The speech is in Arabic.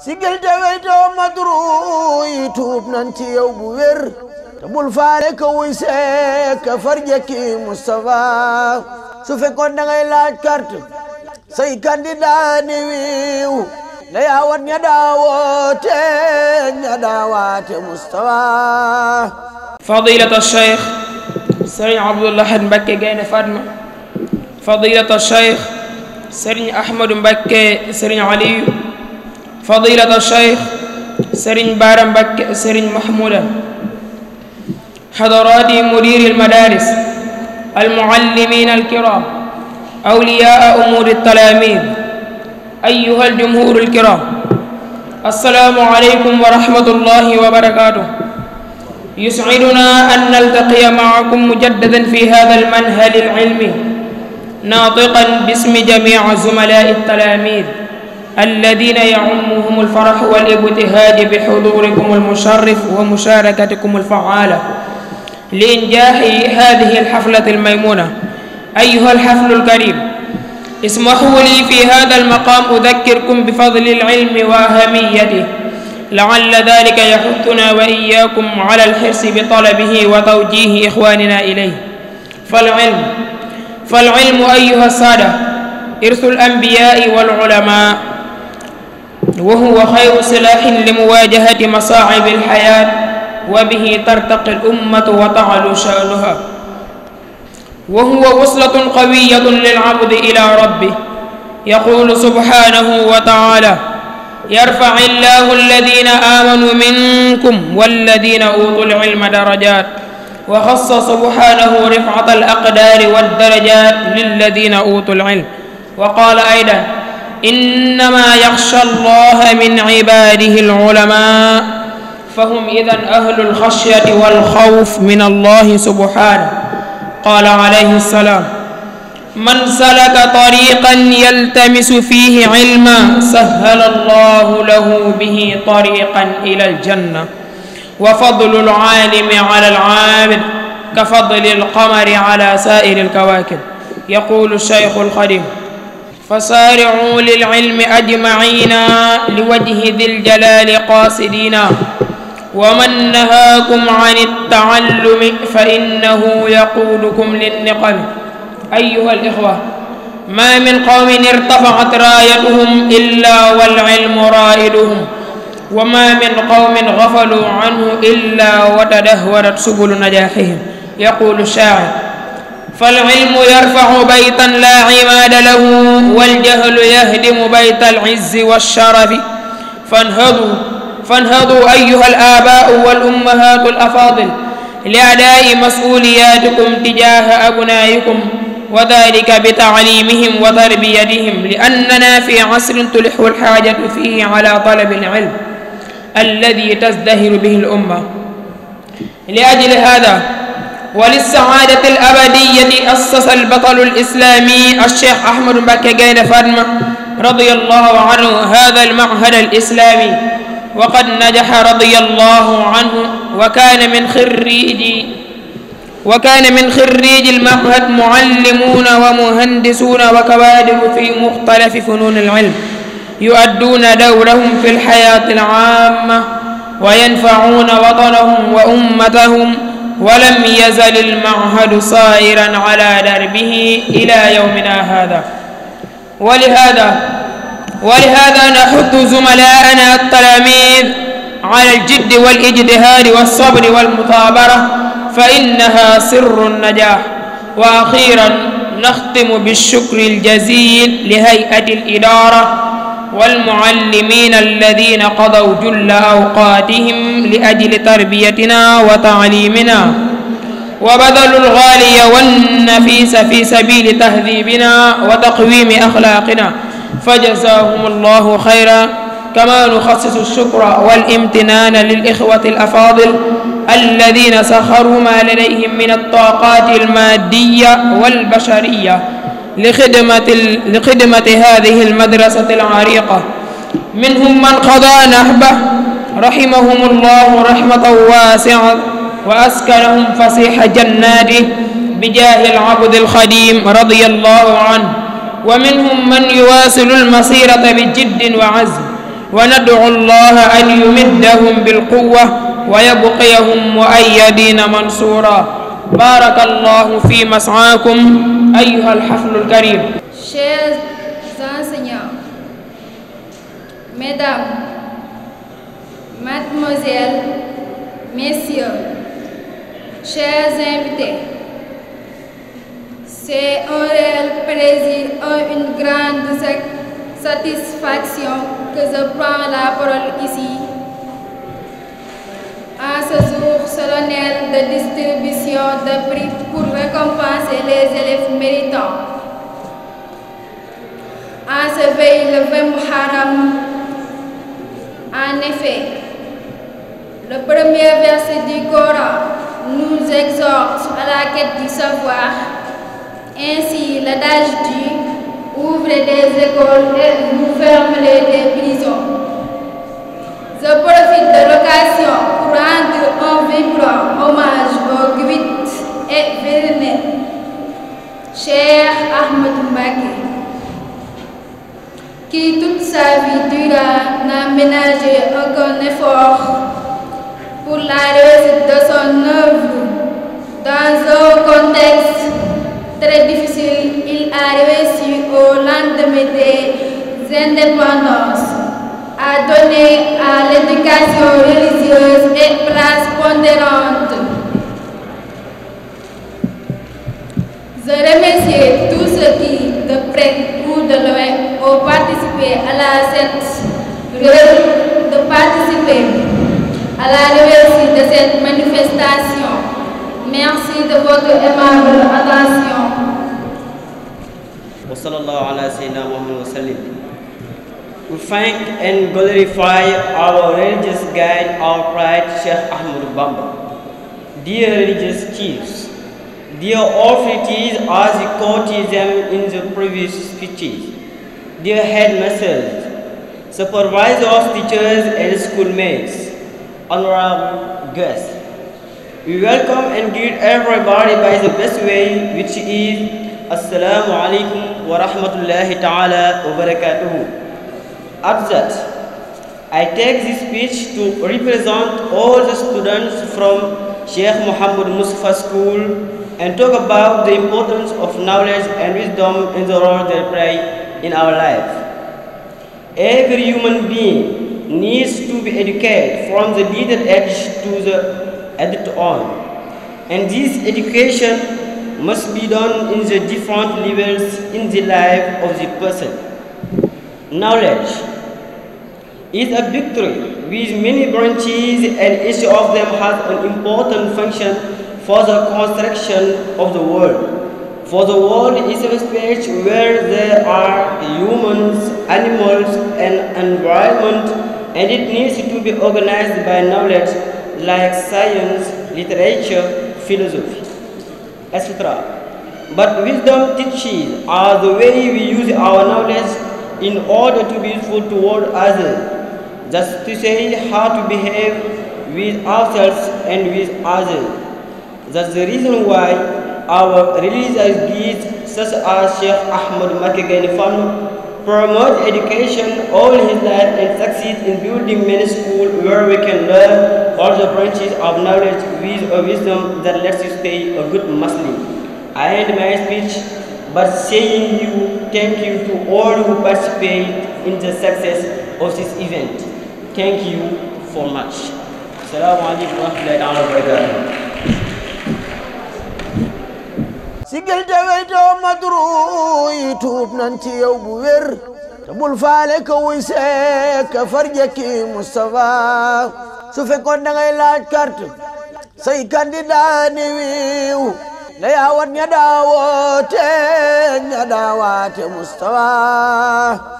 sigil te weytoo madru yi tuub nan ci yow te bul faale ka wuy seek ka farjaki Moustapha su fekkoon da ngay laaj carte say candidat ni wiiw na yaawat ña daawoote ña daawaate Moustapha fadilat alcheikh sëriñ Abdoulahad Mbacké Gaynde Fatma fadilat alcheikh sëriñ Ahmadou Mbacké sëriñ Aliou فضيلة الشيخ سرين بارم بك سرين محمولا حضرات مدير المدارس المعلمين الكرام أولياء أمور التلاميذ أيها الجمهور الكرام السلام عليكم ورحمة الله وبركاته يسعدنا أن نلتقي معكم مجددا في هذا المنهل العلمي ناطقا باسم جميع زملاء التلاميذ الذين يعمهم الفرح والابتهاج بحضوركم المشرف ومشاركتكم الفعالة لإنجاح هذه الحفلة الميمونة أيها الحفل الكريم اسمحوا لي في هذا المقام أذكركم بفضل العلم وأهميته لعل ذلك يحثنا وإياكم على الحرص بطلبه وتوجيه إخواننا إليه فالعلم فالعلم أيها السادة إرث الأنبياء والعلماء وهو خير سلاح لمواجهة مصاعب الحياة وبه ترتقي الأمة وتعلو شأنها وهو وصلة قوية للعبد إلى ربه يقول سبحانه وتعالى يرفع الله الذين آمنوا منكم والذين أوتوا العلم درجات وخص سبحانه رفعة الأقدار والدرجات للذين أوتوا العلم وقال أيضا إنما يخشى الله من عباده العلماء فهم إذا أهل الخشية والخوف من الله سبحانه قال عليه السلام من سلك طريقا يلتمس فيه علما سهل الله له به طريقا إلى الجنة وفضل العالم على العابد كفضل القمر على سائر الكواكب يقول الشيخ القديم فسارعوا للعلم أجمعين لوجه ذي الجلال قاصدين ومن نهاكم عن التعلم فإنه يقودكم للنقم أيها الإخوة ما من قوم ارتفعت رايتهم إلا والعلم رائدهم وما من قوم غفلوا عنه إلا وتدهورت سبل نجاحهم يقول الشاعر فالعلم يرفع بيتا لا عماد له والجهل يهدم بيت العز والشرف فانهضوا فانهضوا أيها الآباء والأمهات الأفاضل لأداء مسؤولياتكم تجاه أبنائكم وذلك بتعليمهم وتربيتهم لأننا في عصر تلح الحاجة فيه على طلب العلم الذي تزدهر به الأمة لأجل هذا وللسعادة الأبدية أسس البطل الإسلامي الشيخ أحمد بك جين فرمة رضي الله عنه هذا المعهد الإسلامي وقد نجح رضي الله عنه وكان من خريج وكان من خريج المعهد معلمون ومهندسون وكوادر في مختلف فنون العلم يؤدون دورهم في الحياة العامة وينفعون وطنهم وأمتهم ولم يزل المعهد صائرا على دربه إلى يومنا هذا ولهذا ولهذا نحث زملاءنا التلاميذ على الجد والإجتهاد والصبر والمثابرة فإنها سر النجاح وأخيرا نختم بالشكر الجزيل لهيئة الإدارة والمعلمين الذين قضوا جل أوقاتهم لأجل تربيتنا وتعليمنا وبذلوا الغالي والنفيس في سبيل تهذيبنا وتقويم أخلاقنا فجزاهم الله خيرا كما نخصص الشكر والامتنان للإخوة الأفاضل الذين سخروا ما لديهم من الطاقات المادية والبشرية لخدمة, لخدمة هذه المدرسة العريقة منهم من قضى نهبة رحمهم الله رحمة واسعة وأسكنهم فسيح جناته بجاه العبد الخديم رضي الله عنه ومنهم من يواصل المسيرة بجد وعزم وندعو الله أن يمدهم بالقوة ويبقيهم مؤيدين منصورا بارك الله في مسعاكم أيها الحفل الكريم Chers enseignants, Mesdames, Mademoiselles, Messieurs, chers invités, c'est un réel plaisir, une grande satisfaction que je prends la parole ici. À ce de distribution de prix pour récompenser les élèves méritants. En ce veille le 20 Muharram, en effet, le premier verset du Coran nous exhorte à la quête du savoir. Ainsi, l'adage du ouvre des écoles et nous ferme les prisons. Je profite de l'occasion hommage au Guit et vénéné cher Ahmed Mbaké, qui toute sa vie dura n'a ménagé aucun effort pour la réussite de son œuvre. Dans un contexte très difficile, il a réussi au lendemain des indépendances à donner à l'éducation religieuse et place pondérante. Je remercie tous ceux qui, de près ou de loin, ont participé à la cette de participer à la réussite de cette manifestation. Merci de votre aimable attention. We thank and glorify our religious guide, our pride, Sheikh Ahmed Bamba. Dear religious chiefs, dear authorities as you quoted them in the previous speeches, dear headmasters, supervisors, teachers, and schoolmates, honorable guests, we welcome and greet everybody by the best way, which is Assalamu alaikum wa rahmatullahi ta'ala wa barakatuhu. Abzat. I take this speech to represent all the students from Sheikh Muhammad Mustafa School and talk about the importance of knowledge and wisdom in the role they play in our life. Every human being needs to be educated from the little age to the adult on. And this education must be done in the different levels in the life of the person knowledge is a victory with many branches and each of them has an important function for the construction of the world. For the world is a space where there are humans, animals and environment and it needs to be organized by knowledge like science, literature, philosophy, etc. But wisdom teaches are the way we use our knowledge in order to be useful toward others, just to say how to behave with ourselves and with others. That's the reason why our religious guides such as Sheikh Ahmad Makagani Fanu promote education all his life and succeed in building many schools where we can learn all the branches of knowledge with a wisdom that lets you stay a good Muslim. I end my speech but saying you thank you to all who participate in the success of this event. Thank you for much. Assalamu alaikum sigil madru yow bu ka su da ngay laaj carte say candidat ni la yaawat ña daawoote ña daawaate Mustafa